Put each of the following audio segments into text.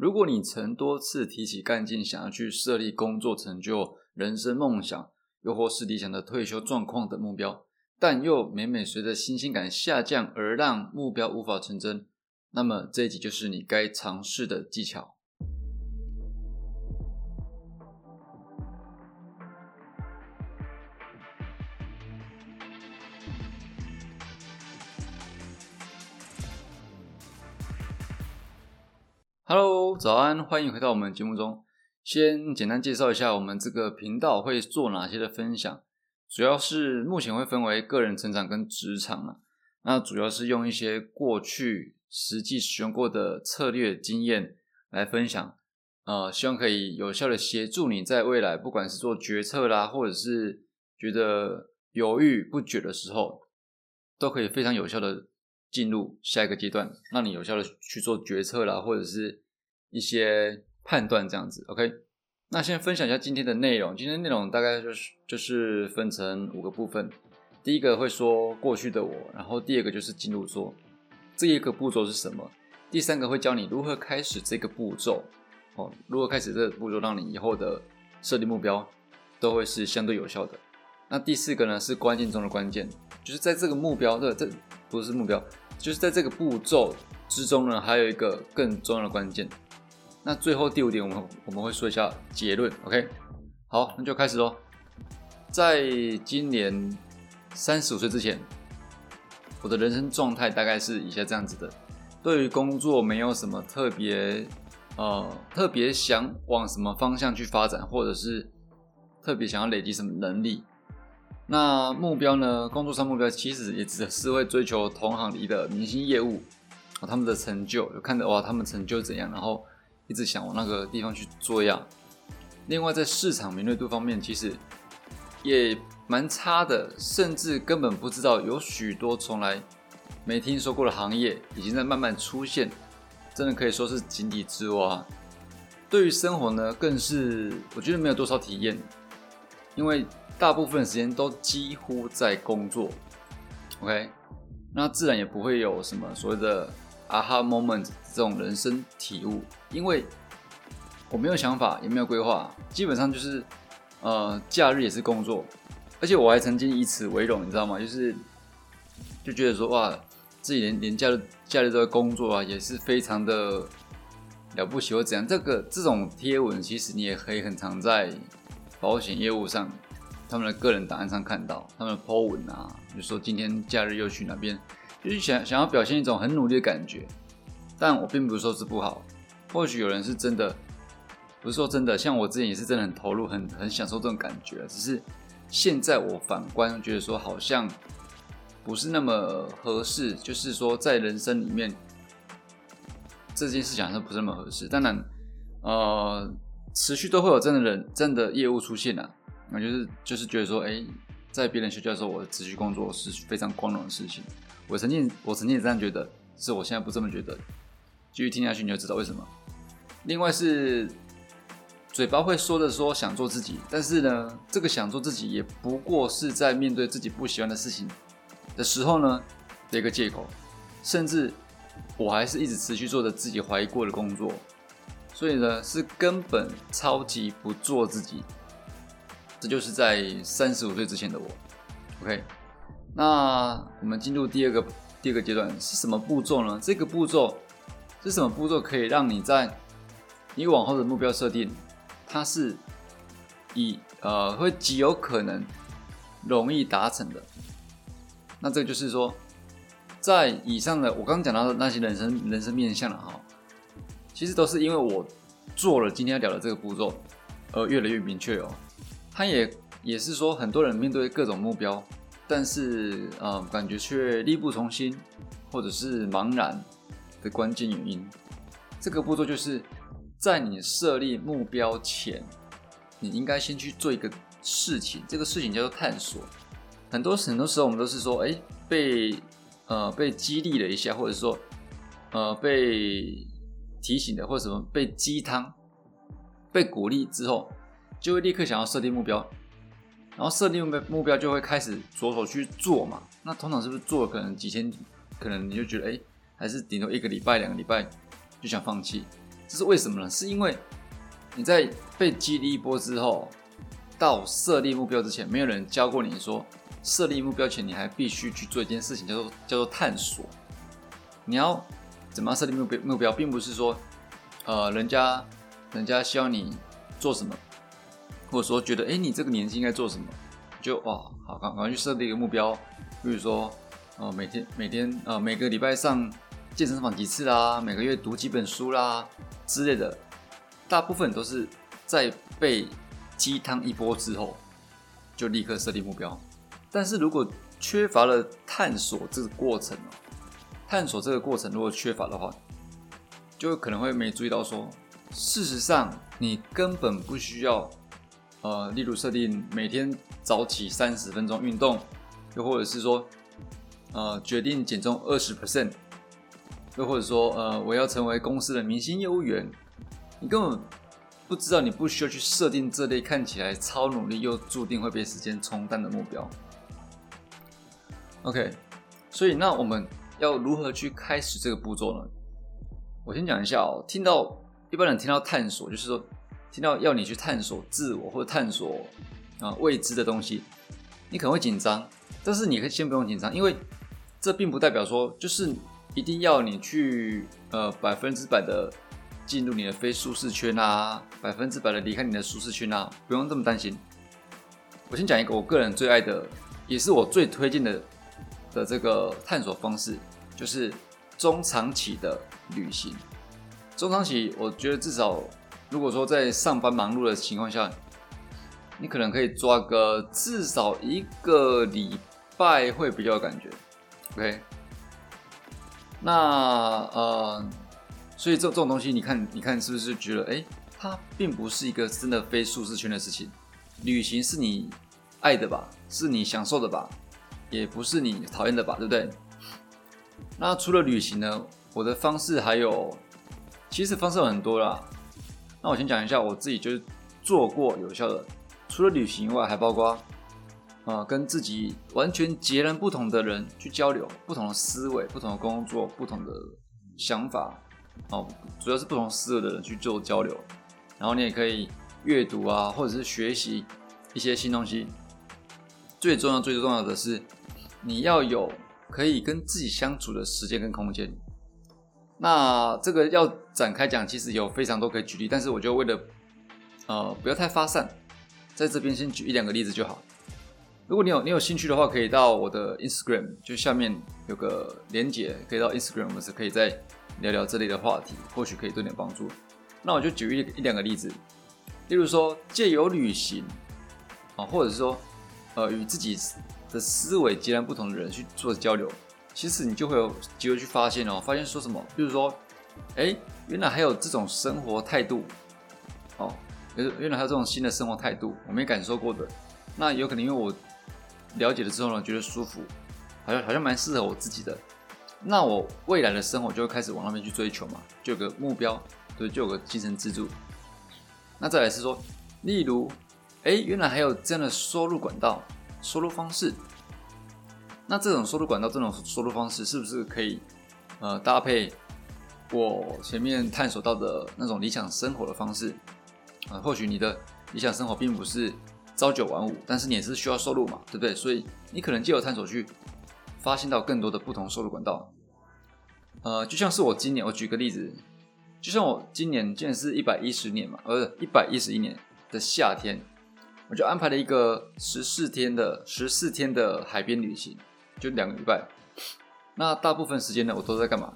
如果你曾多次提起幹勁，想要去設立工作成就、人生夢想，又或是理想的退休狀況等目標，但又每每隨着新鮮感下降而讓目標無法成真，那麼這一集就是你該嘗試的技巧。哈嘍，Hello，早安，歡迎回到我們節目中。先簡單介紹一下我們這個頻道會做哪些的分享，主要是目前會分為個人成長跟職場嘛。那主要是用一些過去實際使用過的策略經驗來分享，呃，希望可以有效的協助你在未來，不管是做決策啦，或者是覺得猶豫不決的時候，都可以非常有效的。進入下一個階段，讓你有效的去做決策啦，或者是一些判斷這樣子。OK，那先分享一下今天的內容。今天內容大概就是就是分成五個部分。第一個會說過去的我，然後第二個就是進入說這一個步驟是什麼。第三個會教你如何開始這個步驟，哦，如何開始這個步驟，讓你以後的設定目標都會是相對有效的。那第四個呢是關鍵中的關鍵，就是在這個目標，對，這不是目標。就是在這個步驟之中呢，還有一個更重要的關鍵。那最後第五點，我們我們會說一下結論。OK，好，那就開始嘍。在今年三十五歲之前，我的人生狀態大概是以下這樣子的：對於工作沒有什麼特別，呃，特別想往什麼方向去發展，或者是特別想要累積什麼能力。那目標呢？工作上目標其實也只是會追求同行裡的明星業務，哦、他們的成就，有看到哇，他們成就怎樣，然後一直想往那個地方去做啊。另外，在市場敏銳度方面，其實也蠻差的，甚至根本不知道有許多從來沒聽說過的行業已經在慢慢出現，真的可以說是井底之蛙。對於生活呢，更是我覺得沒有多少體驗，因為。大部分的時間都幾乎在工作，OK，那自然也不會有什麼所謂的 aha moment 這種人生體悟，因為我沒有想法，也沒有規劃，基本上就是，呃，假日也是工作，而且我還曾經以此為榮，你知道嗎？就是就覺得說哇，自己連連假日假日都在工作啊，也是非常的了不起，或怎樣、這個。這個這種貼文，其實你也可以很常在保險業務上。他們的個人檔案上看到他們的 po 文啊，比如說今天假日又去哪邊，就是想想要表現一種很努力的感覺。但我並不是說是不好，或許有人是真的，不是說真的。像我之前也是真的很投入，很很享受這種感覺。只是現在我反觀，覺得說好像不是那麼合適，就是說在人生裡面這件事情好像不是那麼合適。當然，呃，持續都會有這樣的人這樣的業務出現啊。我就是就是覺得說，哎、欸，在別人休假的時候，我的持續工作，是非常光榮的事情。我曾經我曾經也這樣覺得，是我現在不這麼覺得。繼續聽下去你就知道為什麼。另外是嘴巴會說着說想做自己，但是呢，這個想做自己也不過是在面對自己不喜歡的事情的時候呢的一個借口。甚至我還是一直持續做著自己懷疑過的工作，所以呢是根本超級不做自己。這就是在三十五歲之前的我，OK。那我們進入第二個第二個階段是什麼步驟呢？這個步驟是什麼步驟可以讓你在你往後的目標設定，它是以呃，會極有可能容易達成的。那這就是說，在以上的我剛剛講到的那些人生人生面向了哈，其實都是因為我做了今天要聊的這個步驟，而越來越明確哦。他也也是說，很多人面對各種目標，但是呃，感覺卻力不從心，或者是茫然的關鍵原因。這個步驟就是在你設立目標前，你應該先去做一個事情，這個事情叫做探索。很多很多時候我們都是說，哎、欸，被呃被激勵了一下，或者說呃被提醒的提醒了，或者什麼被雞湯、被鼓勵之後。就會立刻想要設定目標，然後設定目標目標，就會開始着手去做嘛。那通常是不是做了可能幾天，可能你就覺得哎、欸，還是頂多一個禮拜、兩個禮拜就想放棄？這是為什麼呢？是因為你在被激勵一波之後，到設立目標之前，沒有人教過你說，設立目標前你還必須去做一件事情，叫做叫做探索。你要怎麼設立目標？目標並不是說，呃，人家人家希望你做什麼。或者說覺得哎、欸，你這個年紀應該做什麼？就哇，好趕快去設立一個目標，比如說呃每天、每天、呃，每個禮拜上健身房幾次啦，每個月讀幾本書啦之類的。大部分都是在被雞湯一波之後，就立刻設立目標。但是如果缺乏了探索這個過程哦，探索這個過程如果缺乏的話，就可能會沒注意到說，事實上你根本不需要。呃，例如設定每天早起三十分鐘運動，又或者是說，呃，決定減重二十 percent，又或者說，呃，我要成為公司的明星業務員，你根本不知道你不需要去設定這類看起來超努力又注定會被時間沖淡的目標。OK，所以那我們要如何去開始這個步驟呢？我先講一下哦、喔，聽到，一般人聽到探索，就是說。聽到要你去探索自我或者探索啊、呃、未知的東西，你可能會緊張。但是你可以先不用緊張，因為這並不代表說就是一定要你去呃百分之百的進入你的非舒適圈啊，百分之百的離開你的舒適圈啊，不用這麼擔心。我先講一個我個人最愛的，也是我最推薦的的這個探索方式，就是中長期的旅行。中長期，我覺得至少，如果說在上班忙碌的情況下，你可能可以抓個至少一個禮拜會比較有感覺，OK？那呃，所以這這種東西，你看，你看是不是覺得，誒、欸，它並不是一個真的非舒適圈的事情。旅行是你愛的吧，是你享受的吧，也不是你討厭的吧，對不對？那除了旅行呢，我的方式還有，其實方式有很多啦。那我先講一下，我自己就是做過有效的，除了旅行以外，還包括啊、呃，跟自己完全截然不同的人去交流，不同的思維、不同的工作、不同的想法，哦、呃，主要是不同思維的人去做交流。然後你也可以閱讀啊，或者是學習一些新東西。最重要、最重要的是，你要有可以跟自己相處的時間跟空間。那這個要展開講，其實有非常多可以舉例，但是我覺得為了呃不要太發散，在這邊先舉一兩個例子就好。如果你有你有興趣的話，可以到我的 Instagram，就下面有個連接，可以到 Instagram 我們是可以再聊聊這類的話題，或許可以多點幫助。那我就舉一一兩個例子，例如說借由旅行啊、呃，或者是說呃與自己的思維截然不同的人去做交流。其實你就會有機會去發現哦，發現說什麼，就是說，哎，原來還有這種生活態度，哦，原原來還有這種新的生活態度，我沒感受過的。那有可能因為我了解了之後呢，覺得舒服，好像好像蠻適合我自己的。那我未來的生活就會開始往那邊去追求嘛，就有個目標，對，就有個精神支柱。那再來是說，例如，哎，原來還有這樣的收入管道，收入方式。那這種收入管道，這種收入方式，是不是可以，呃，搭配我前面探索到的那種理想生活的方式？啊、呃，或許你的理想生活並不是朝九晚五，但是你也是需要收入嘛，對不對？所以你可能借由探索去發現到更多的不同收入管道。呃，就像是我今年，我舉個例子，就像我今年，今年是一百一十年嘛，呃，一百一十一年的夏天，我就安排了一個十四天的十四天的海邊旅行。就兩個禮拜，那大部分時間呢，我都在幹嘛？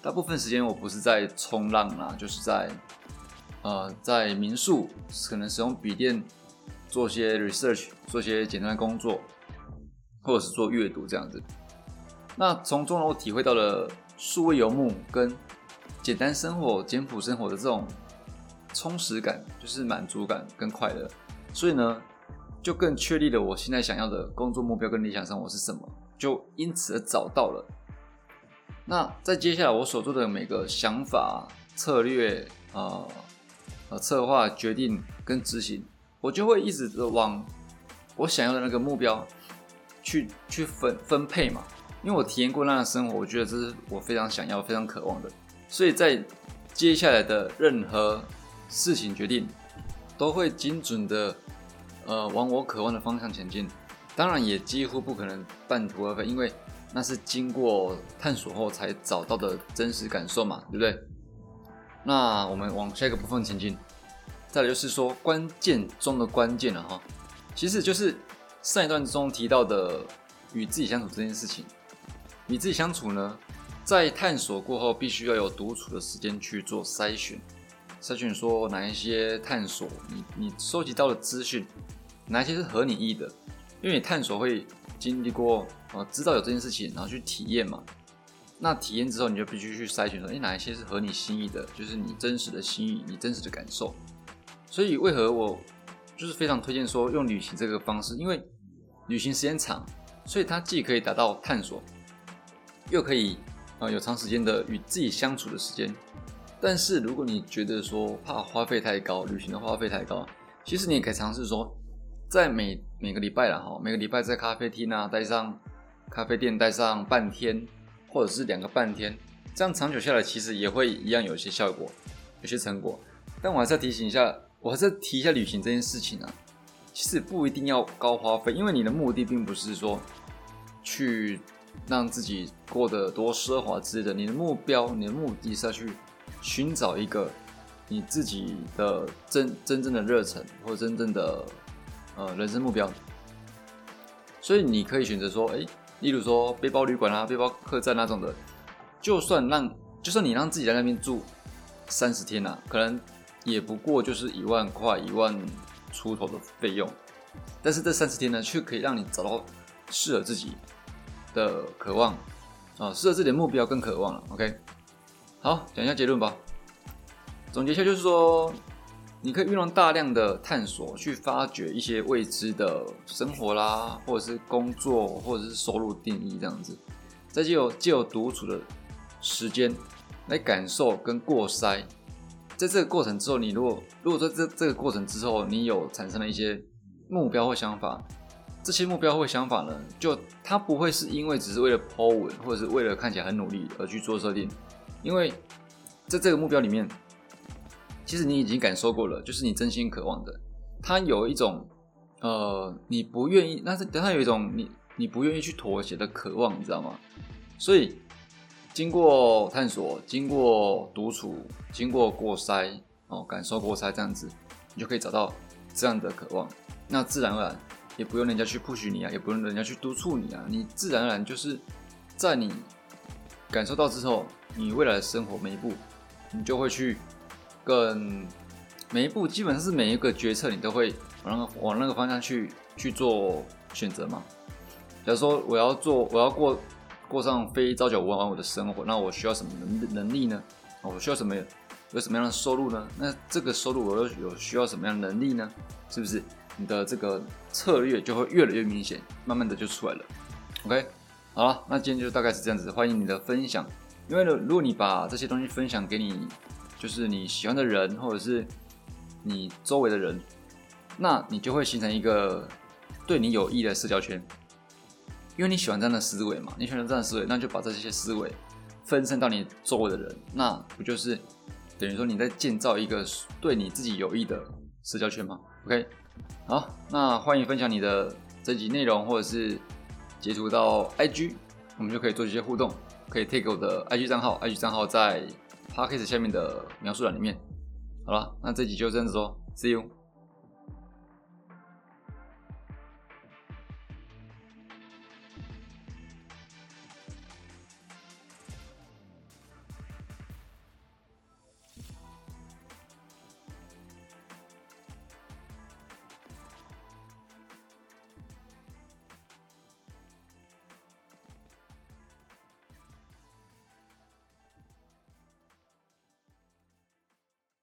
大部分時間我不是在衝浪啊，就是在呃，在民宿，可能使用筆電做些 research，做些簡單的工作，或者是做閱讀這樣子。那從中呢，我體會到了數位游牧跟簡單生活、簡樸生活的這種充實感，就是滿足感跟快樂。所以呢。就更確立了我現在想要的工作目標跟理想生活是什麼，就因此而找到了。那在接下來我所做的每個想法、策略、啊呃策劃、決定跟執行，我就會一直往我想要的那個目標去去分分配嘛。因為我體驗過那樣的生活，我覺得這是我非常想要、非常渴望的。所以在接下來的任何事情決定，都會精準的。呃，往我渴望的方向前進，當然也幾乎不可能半途而廢，因為那是經過探索後才找到的真實感受嘛，對不對？那我們往下一個部分前進，再來就是說關鍵中的關鍵了哈，其實就是上一段中提到的與自己相處這件事情，與自己相處呢，在探索過後必須要有獨處的時間去做篩選，篩選說哪一些探索你你收集到的資訊。哪些是合你意的？因為你探索會經歷過，啊、呃，知道有這件事情，然後去體驗嘛。那體驗之後，你就必須去篩選說、欸，哪一些是合你心意的？就是你真實的心意，你真實的感受。所以，為何我就是非常推薦說用旅行這個方式？因為旅行時間長，所以它既可以達到探索，又可以啊、呃、有長時間的與自己相處的時間。但是，如果你覺得說怕花費太高，旅行的花費太高，其實你也可以嘗試說。在每每個禮拜啦，哈，每個禮拜在咖啡廳呢待上咖啡店待上半天，或者是兩個半天，這樣長久下來，其實也會一樣有些效果，有些成果。但我還是要提醒一下，我還是要提一下旅行這件事情啊，其實不一定要高花費，因為你的目的並不是說去讓自己過得多奢華之類的，你的目標，你的目的是要去尋找一個你自己的真真正的熱忱，或者真正的。呃，人生目標，所以你可以選擇說，誒，例如說背包旅館啊、背包客棧那種的，就算讓，就算你讓自己在那邊住三十天啊，可能也不過就是一萬塊、一萬出頭的費用，但是這三十天呢，卻可以讓你找到適合自己的渴望，啊，適合自己的目標跟渴望了。OK，好，講一下結論吧，總結一下就是說。你可以運用大量的探索去發掘一些未知的生活啦，或者是工作，或者是收入定義這樣子，再藉由藉由獨處的時間來感受跟過篩，在這個過程之後，你如果如果說這這個過程之後你有產生了一些目標或想法，這些目標或想法呢，就它不會是因為只是為了 po 文或者是為了看起來很努力而去做設定，因為在這個目標裡面。其實你已經感受過了，就是你真心渴望的，它有一種，呃，你不願意，那是，但它有一種你你不願意去妥協的渴望，你知道嗎？所以，經過探索，經過獨處，經過過篩哦，感受過篩這樣子，你就可以找到這樣的渴望。那自然而然也不用人家去 push 你啊，也不用人家去督促你啊，你自然而然就是在你感受到之後，你未來的生活每一步，你就會去。更每一步基本上是每一個決策，你都會往那個往那個方向去去做選擇嘛。假如說我要做，我要過過上非朝九晚五的生活，那我需要什麼能能力呢？我需要什麼有什麼樣的收入呢？那這個收入我有，有需要什麼樣的能力呢？是不是你的這個策略就會越來越明顯，慢慢的就出來了？OK，好啦，那今天就大概是這樣子，歡迎你的分享，因為呢，如果你把這些東西分享給你。就是你喜歡的人，或者是你周圍的人，那你就會形成一個對你有益的社交圈，因為你喜歡這樣的思維嘛，你喜歡這樣的思維，那就把這些思維分身到你周圍的人，那不就是等於說你在建造一個對你自己有益的社交圈嗎？OK，好，那歡迎分享你的這集內容，或者是截圖到 IG，我們就可以做一些互動，可以 take 我的 IG 賬號，IG 賬號在。Podcast 下面的描述欄裡面。好了，那這集就這樣子嘍，See you。